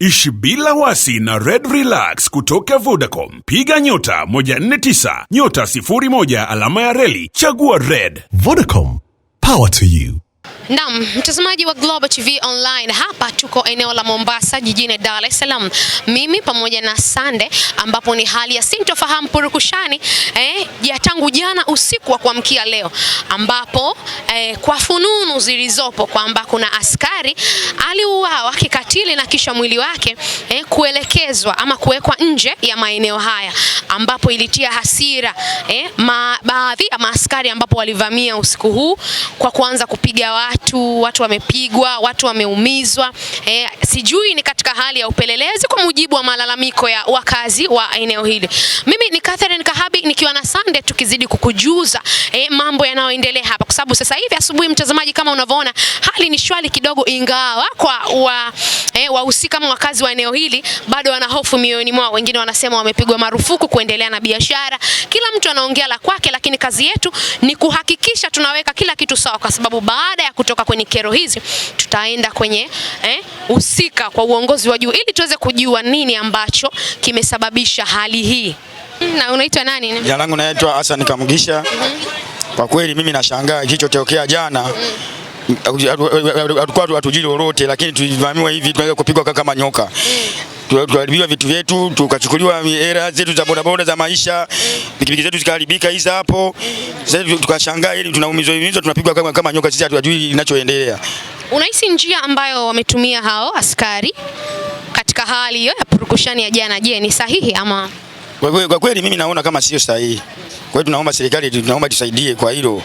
Ishi bila wasi na Red Relax kutoka Vodacom. Piga nyota 149 nyota 01 alama ya reli, chagua Red. Vodacom, power to you. Naam, mtazamaji wa Global TV Online, hapa tuko eneo la Mombasa jijini Dar es Salaam, mimi pamoja na Sande, ambapo ni hali ya sintofahamu purukushani eh, ya tangu jana usiku wa kuamkia leo, ambapo eh, kwa fununu zilizopo kwamba kuna askari aliuawa kikatili na kisha mwili wake eh, kuelekezwa ama kuwekwa nje ya maeneo haya, ambapo ilitia hasira eh, ma, baadhi ya maaskari ambapo walivamia usiku huu kwa kuanza kupiga watu watu, watu wamepigwa, watu wameumizwa. E, sijui ni katika hali ya upelelezi kwa mujibu wa malalamiko ya wakazi wa eneo hili. Mimi ni Catherine Kahabi nikiwa na Sande tukizidi kukujuza e, mambo yanayoendelea hapa kwa sababu sasa hivi asubuhi, mtazamaji, kama unavyoona hali ni shwari kidogo, ingawa kwa wa e, wahusika kama wakazi wa eneo hili bado wana hofu mioyoni mwao. Wengine wanasema wamepigwa marufuku kuendelea na biashara. Kila mtu anaongea la kwake, lakini kazi yetu ni kuhakikisha tunaweka kila kitu sawa kwa sababu baada ya kutoka kwenye kero hizi tutaenda kwenye eh, husika kwa uongozi wa juu ili tuweze kujua nini ambacho kimesababisha hali hii. Na unaitwa nani? Jina langu naitwa Hassan Kamugisha. Mhm. Kwa kweli mimi nashangaa kilichotokea jana mm hatukuwa hatujui lolote, lakini tulivamiwa hivi, tunaweza kupigwa kama nyoka tuharibiwa vitu vyetu, tukachukuliwa hela zetu za bodaboda za maisha, pikipiki zetu zikaharibika hizo hapo. Sasa tukashangaa ili tunaumizwa hizo, tunapigwa kama, kama nyoka. Sisi hatujui inachoendelea. Unahisi njia ambayo wametumia hao askari katika hali hiyo ya purukushani ya jana, je, ni sahihi ama? Kwa kweli mimi naona kama sio sahihi. Kwa hiyo tunaomba serikali, tunaomba tusaidie kwa hilo.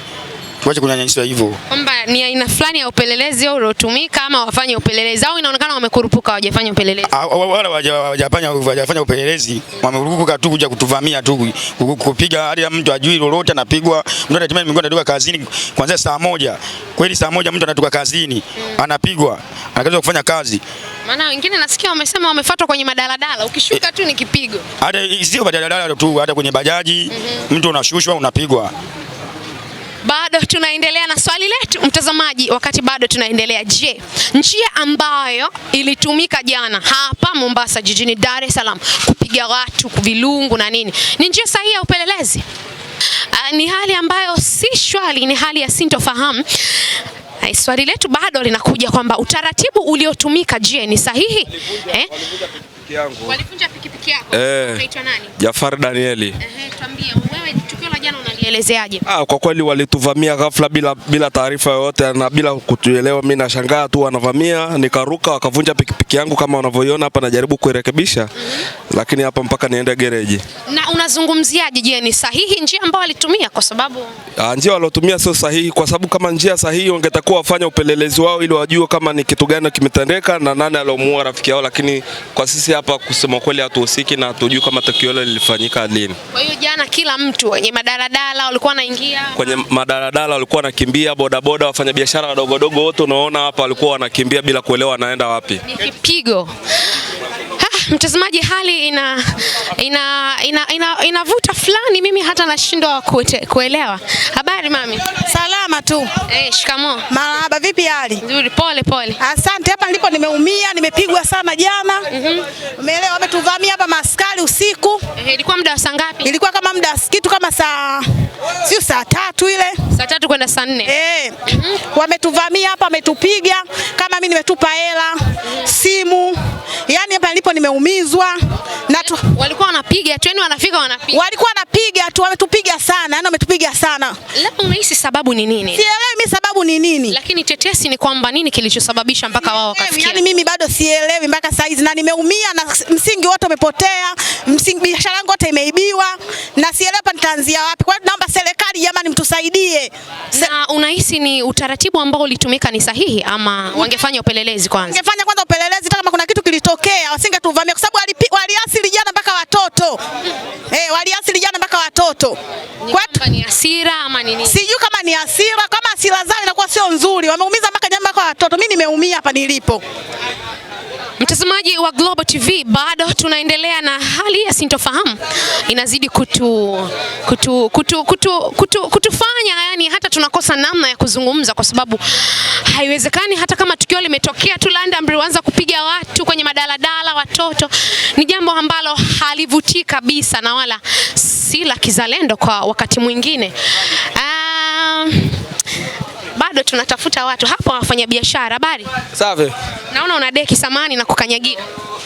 Wache kunyanyaswa hivyo. Kwamba ni aina fulani ya upelelezi au uliotumika ama wafanye upelelezi au inaonekana wamekurupuka wajafanya upelelezi. Ah, wala wajafanya wajafanya upelelezi. Wamekurupuka tu kuja kutuvamia tu kupiga hadi mtu ajui lolote anapigwa. Mtu anatimia mingo anatoka kazini kuanzia saa moja. Kweli saa moja mtu anatoka kazini mm, anapigwa. Anakazwa kufanya kazi. Maana wengine nasikia wamesema wamefuatwa kwenye madaladala, ukishuka tu ni kipigo. Hata sio madaladala tu, hata kwenye bajaji mm -hmm, mtu unashushwa unapigwa. Bado tunaendelea na swali letu, mtazamaji. Wakati bado tunaendelea, je, njia ambayo ilitumika jana hapa Mombasa jijini Dar es Salaam kupiga watu vilungu na nini ni njia sahihi ya upelelezi? Uh, ni hali ambayo si shwari, ni hali ya sintofahamu. Swali letu bado linakuja kwamba utaratibu uliotumika, je, ni sahihi? Eh? Walivunja pikipiki yako, eh, unaitwa nani? Jafar Danieli. Eh, tuambie Umeielezeaje? Ah, kwa kweli walituvamia ghafla bila, bila taarifa yoyote na bila kutuelewa. Mimi nashangaa tu wanavamia, nikaruka wakavunja pikipiki yangu kama wanavyoiona hapa, najaribu kuirekebisha mm -hmm lakini hapa mpaka niende gereji. Na unazungumziaje? Je, ni sahihi njia ambayo walitumia? Kwa sababu ah, njia waliotumia sio sahihi, kwa sababu kama njia sahihi wangetakuwa wafanya upelelezi wao ili wajue kama ni kitu gani kimetendeka na nani aliomuua rafiki yao, lakini kwa sisi hapa kusema kweli hatuhusiki na hatujui kama tukio hilo lilifanyika lini. Kwa hiyo jana, kila mtu wenye madaradala walikuwa wanaingia kwenye madaladala walikuwa wanakimbia, bodaboda, wafanyabiashara wadogodogo wote unaona hapa walikuwa wanakimbia bila kuelewa wanaenda wapi. Ni kipigo mtazamaji, hali ina ina inavuta ina, ina ina fulani, mimi hata nashindwa kuelewa. Habari mami? Salama tu. Eh, shikamo. Marahaba, vipi hali? Nzuri, pole pole. Asante. Hapa nilipo nimeumia, nimepigwa sana jana. Mhm. Umeelewa, wametuvamia hapa maskari usiku. Eh, ilikuwa muda wa saa ngapi? Ilikuwa kama muda kitu kama saa sio saa tatu ile. Saa tatu kwenda saa nne. Eh. Mm -hmm. Wametuvamia hapa, wametupiga kama mimi nimetupa hela, mm -hmm. simu. Yaani hapa nilipo nimeumia wanaumizwa na tu... walikuwa wanapiga tu, yani wanafika wanapiga, walikuwa wanapiga tu, wametupiga sana, yani wametupiga sana. Leo unahisi sababu ni nini? Sielewi mimi sababu sababu ni nini? Lakini tetesi ni kwamba nini kilichosababisha mpaka wao wakafikia? Yaani mimi bado sielewi mpaka saa hizi, na nimeumia na msingi wote umepotea, msingi biashara yangu yote imeibiwa na sielewi hapa nitaanzia wapi. Kwa hiyo naomba serikali jamani, mtusaidie. Na unahisi ni utaratibu ambao ulitumika ni sahihi ama wangefanya upelelezi kwanza? Wangefanya kwanza upelelezi, hata kama kuna kitu kilitokea wasingetuvamia, kwa sababu waliasili jana mpaka watoto kwetu. Ni hasira ama ni nini? Sijui kama ni hasira, kama hasira zao inakuwa sio nzuri, wameumiza mpaka nyama kwa watoto. Mimi nimeumia hapa nilipo. Mtazamaji wa Global TV, bado tunaendelea na hali ya sintofahamu inazidi kutu, kutu, kutu, kutu, kutu, kutufanya yani hata tunakosa namna ya kuzungumza, kwa sababu haiwezekani. Hata kama tukio limetokea tu London, mlianza kupiga watu kwenye madaladala, watoto, ni jambo ambalo halivutii kabisa na wala si la kizalendo kwa wakati mwingine. Um, bado tunatafuta watu hapo, biashara. Habari? Safi. Naona una deki samani na kukanyagia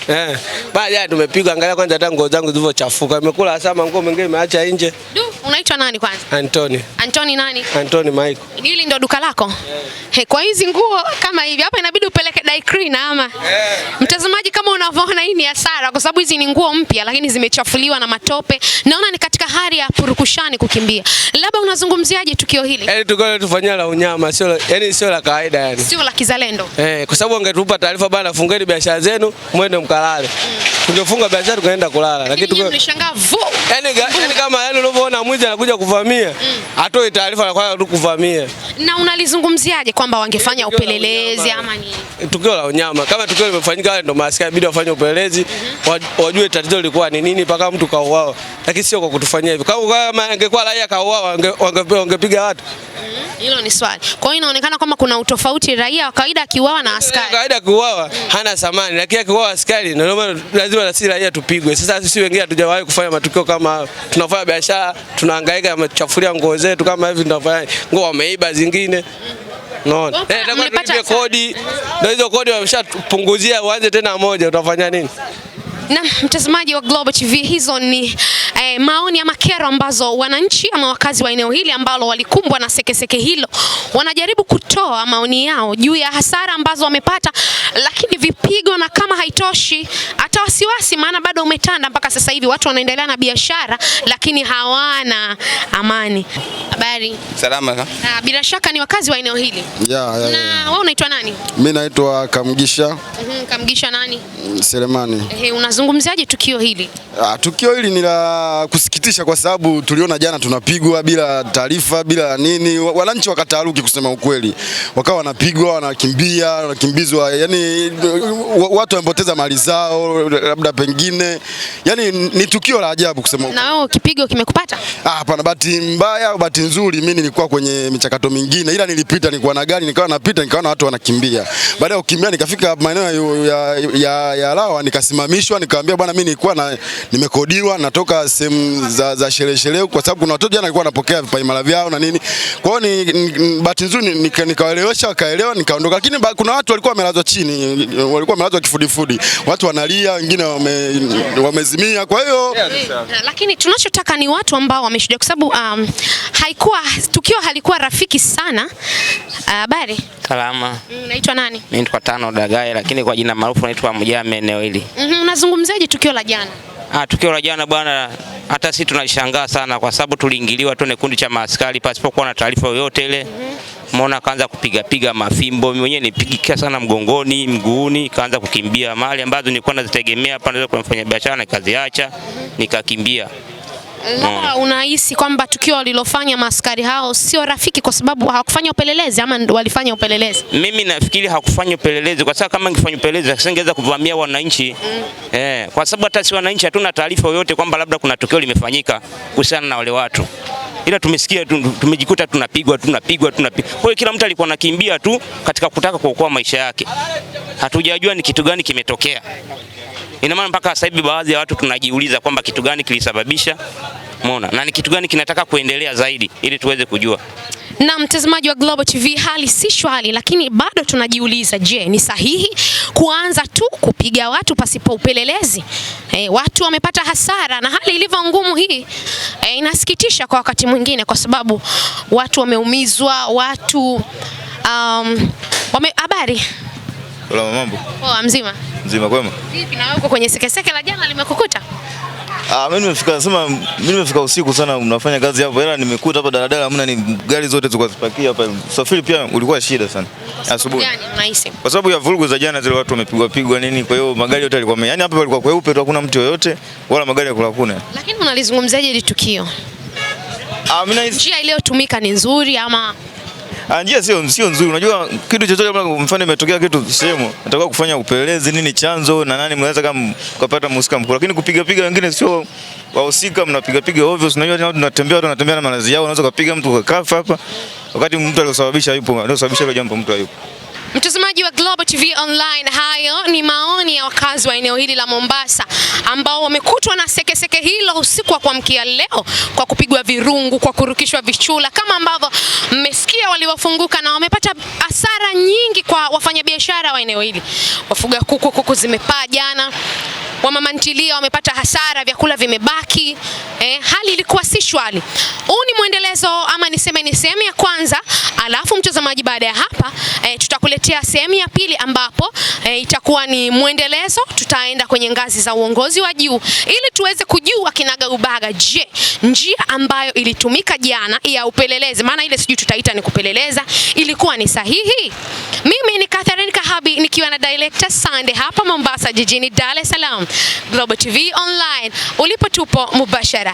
Eh, baada tumepigwa, angalia kwanza hata nguo zangu zilivyochafuka. Nimekula sama nguo mwingine imeacha nje. Du, unaitwa nani kwanza? Anthony. Anthony nani? Anthony Michael. Hili ndio duka lako? Yeah. He, kwa hizi nguo kama hivi hapa inabidi upeleke dry clean ama? Yeah. Mtazamaji kama unavyoona hii ni hasara kwa sababu hizi ni nguo mpya lakini zimechafuliwa na matope. Naona ni katika hali ya purukushani kukimbia. Labda unazungumziaje tukio hili? Eh, tukio tufanyia la unyama kama sio yani sio la kawaida yani. Sio la kizalendo. Eh, kwa sababu angetupa taarifa bana, fungeni biashara zenu mwende mkalale. Mm. Tungefunga biashara tukaenda kulala. Lakini tuko mlishangaa vo. Yani, yani kama yani unavyoona mwizi anakuja kuvamia, mm. atoe taarifa na kwanza kuvamia. Na unalizungumziaje kwamba wangefanya upelelezi ama ni Tukio la unyama. Kama tukio limefanyika wale ndo maaskari inabidi wafanye upelelezi, mm -hmm. wajue tatizo lilikuwa ni nini mpaka mtu kauawa. Lakini sio kwa kutufanyia hivyo. Kama angekuwa raia kauawa wangepiga wange, wange, wange watu. Mm. Hilo ni swali. Kwa hiyo inaonekana kama kuna utofauti, raia wa kawaida akiuawa na askari. Kawaida kuuawa hana thamani, lakini akiuawa askari na ndio lazima na sisi raia tupigwe. Sasa sisi wengine hatujawahi kufanya matukio kama tunafanya biashara, tunahangaika machafulia nguo zetu kama hivi tunafanya. Nguo wameiba zingine. Unaona? Eh, ndio kwa kodi. Ndio hizo kodi wameshapunguzia uanze tena moja utafanya nini? Na mtazamaji wa Global TV hizo ni eh, maoni ama kero ambazo wananchi ama wakazi wa eneo hili ambalo walikumbwa na sekeseke seke hilo wanajaribu kutoa maoni yao juu ya hasara ambazo wamepata, lakini vipigo, na kama haitoshi hata wasiwasi, maana bado umetanda mpaka sasa hivi, watu wanaendelea na biashara lakini hawana amani. Habari? Salama. Na ah, bila shaka ni wakazi wa eneo hili ya, ya, na wewe unaitwa nani? Mimi naitwa Kamgisha. Mhm, Kamgisha nani? Selemani. Ehe, unazungumziaje tukio hili? Ah, tukio hili ni la kusikitisha kwa sababu tuliona jana tunapigwa bila taarifa bila nini, wananchi wakataaruki, kusema ukweli, wakawa wanapigwa, wanakimbia, wanakimbizwa, yani watu wamepoteza mali zao, labda pengine, yani ni tukio la ajabu kusema ukweli. Na wewe kipigo kimekupata? Ah, hapana, bahati mbaya, au bahati nzuri, mimi nilikuwa kwenye michakato mingine, ila nilipita, nilikuwa na gari, nikawa napita, nikaona watu wanakimbia. Baada ya kukimbia, nikafika maeneo ya ya, ya, ya Lawa, nikasimamishwa, nikaambia bwana, mimi nilikuwa na nimekodiwa natoka sehemu za, za sherehe sherehe, kwa sababu kuna watoto jana walikuwa wanapokea vipaimara vyao na nini. Kwa hiyo ni ni bahati nzuri nikawaelewesha wakaelewa, nikaondoka, lakini kuna watu walikuwa wamelazwa chini, walikuwa wamelazwa kifudifudi, watu wanalia, wengine wame, wamezimia. Kwa hiyo lakini tunachotaka ni watu ambao wameshuhudia, kwa sababu um, haikuwa tukio halikuwa rafiki sana. Uh, habari uh, salama. Unaitwa mm, nani? Mimi naitwa Tano Dagae, lakini kwa jina maarufu naitwa Mjame eneo hili. Mm-hmm, Unazungumzaje tukio la jana? Ah, tukio la jana bwana, hata sisi tunashangaa sana kwa sababu tuliingiliwa tu na kikundi cha maaskari pasipokuwa na taarifa yoyote ile. Umeona, mhm. kaanza piga mafimbo, mwenyewe nipigikia sana mgongoni, mguuni, kaanza kukimbia mali ambazo nilikuwa nazitegemea hapa naweza kufanya biashara, nikaziacha mhm. nikakimbia. Labda unahisi kwamba tukio walilofanya maskari hao sio rafiki kwa sababu hawakufanya upelelezi ama walifanya upelelezi? Mimi nafikiri hawakufanya upelelezi kwa sababu kama ingefanya upelelezi asingeweza kuvamia wananchi mm. Eh, kwa sababu hata si wananchi hatuna taarifa yoyote kwamba labda kuna tukio limefanyika kuhusiana na wale watu ila tumesikia tumejikuta tunapigwa tunapigwa tunapigwa. Kwa hiyo kila mtu alikuwa anakimbia tu katika kutaka kuokoa maisha yake, hatujajua ni kitu gani kimetokea. Ina maana mpaka sasa hivi baadhi ya watu tunajiuliza kwamba kitu gani kilisababisha, umeona, na ni kitu gani kinataka kuendelea zaidi ili tuweze kujua. Na mtazamaji wa Global TV, hali si shwari, lakini bado tunajiuliza, je, ni sahihi kuanza tu kupiga watu pasipo upelelezi? E, watu wamepata hasara na hali ilivyo ngumu hii e, inasikitisha kwa wakati mwingine, kwa sababu watu wameumizwa, watu um, wame habari Salama mambo? Poa oh, mzima. Mzima kwema? Vipi na wewe uko kwenye sekeseke la jana limekukuta? Ah, mimi nimefika nasema mimi nimefika usiku sana mnafanya kazi hapo. Ila nimekuta hapo daladala hamna ni gari zote zilikuwa zikazipakia hapa. Safari pia ulikuwa shida sana. Asubuhi. Yaani Kwa sababu ya vurugu za jana zile watu wamepigwa pigwa nini kwa hiyo magari yote yalikuwa yaani hapa palikuwa kweupe tu hakuna mtu yoyote wala magari yalikuwa hakuna. Lakini unalizungumzaje ile tukio? Ah, mimi nahisi njia iliyotumika ni nzuri ama Ah, njia sio sio nzuri. Unajua kitu chochote kama mfano imetokea kitu sehemu, nataka kufanya upelelezi nini chanzo na nani, mnaweza kama kupata mhusika mkuu, lakini kupiga piga wengine sio wahusika, mnapiga piga obvious. Unajua tunatembea, watu wanatembea na malazi yao, unaweza kupiga mtu kafa hapa, wakati mtu aliyosababisha yupo, aliyosababisha hilo jambo mtu hayupo. Mtazamaji wa Global TV Online, hayo ni maoni ya wakazi wa eneo hili la Mombasa ambao wamekutwa na sekeseke hilo usiku wa kuamkia leo, kwa kupigwa virungu, kwa kurukishwa vichula, kama ambavyo mmesikia waliofunguka, na wamepata hasara nyingi kwa wafanyabiashara wa eneo hili. Wafuga kuku, kuku zimepaa jana wamama ntilia wamepata hasara, vyakula vimebaki. Eh, hali ilikuwa si shwari. Huu ni mwendelezo ama niseme ni sehemu ya kwanza, alafu mtazamaji, baada ya hapa eh, tutakule kukuletea sehemu ya pili ambapo e, itakuwa ni mwendelezo. Tutaenda kwenye ngazi za uongozi wa juu ili tuweze kujua kinaga ubaga. Je, njia ambayo ilitumika jana ya upelelezi, maana ile sijui tutaita ni kupeleleza, ilikuwa ni sahihi? Mimi ni Catherine Kahabi nikiwa na director Sande hapa Mombasa, jijini Dar es Salaam. Global TV Online, ulipo tupo mubashara.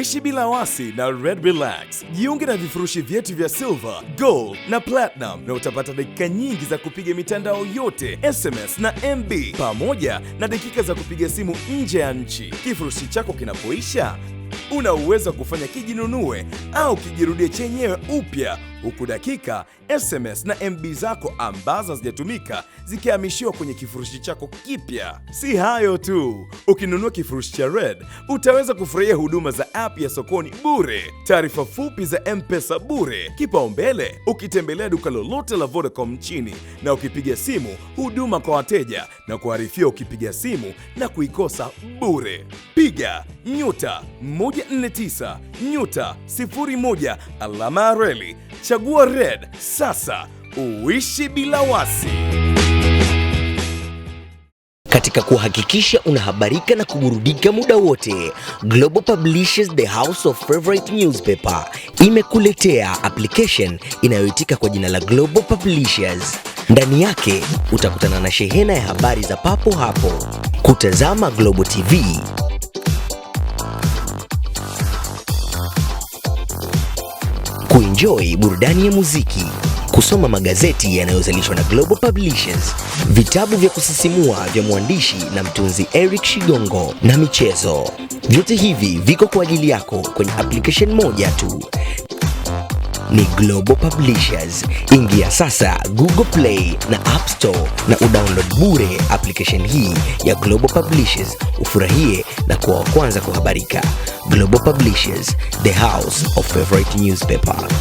Ishi bila wasi na Red Relax. Jiunge na vifurushi vyetu vya silver, gold na platinum na utapata dakika nyingi za kupiga mitandao yote, SMS na MB pamoja na dakika za kupiga simu nje ya nchi. Kifurushi chako kinapoisha una uwezo wa kufanya kijinunue au kijirudie chenyewe upya, huku dakika, SMS na MB zako ambazo hazijatumika zikihamishiwa kwenye kifurushi chako kipya. Si hayo tu, ukinunua kifurushi cha Red utaweza kufurahia huduma za app ya sokoni bure, taarifa fupi za Mpesa bure, kipaumbele ukitembelea duka lolote la Vodacom nchini, na ukipiga simu huduma kwa wateja na kuharifiwa ukipiga simu na kuikosa bure. Piga nyuta 149 nyuta 01 alama reli. Chagua Red sasa, uishi bila wasi. Katika kuhakikisha unahabarika na kuburudika muda wote, Global Publishers the House of Favorite Newspaper imekuletea application inayoitika kwa jina la Global Publishers. Ndani yake utakutana na shehena ya habari za papo hapo, kutazama Global TV kuenjoy burudani ya muziki, kusoma magazeti yanayozalishwa na Global Publishers, vitabu vya kusisimua vya mwandishi na mtunzi Eric Shigongo na michezo. Vyote hivi viko kwa ajili yako kwenye application moja tu ni Global Publishers. Ingia sasa Google Play na App Store na udownload bure application hii ya Global Publishers, ufurahie na kuwa wa kwanza kuhabarika. Global Publishers, the house of favorite newspaper.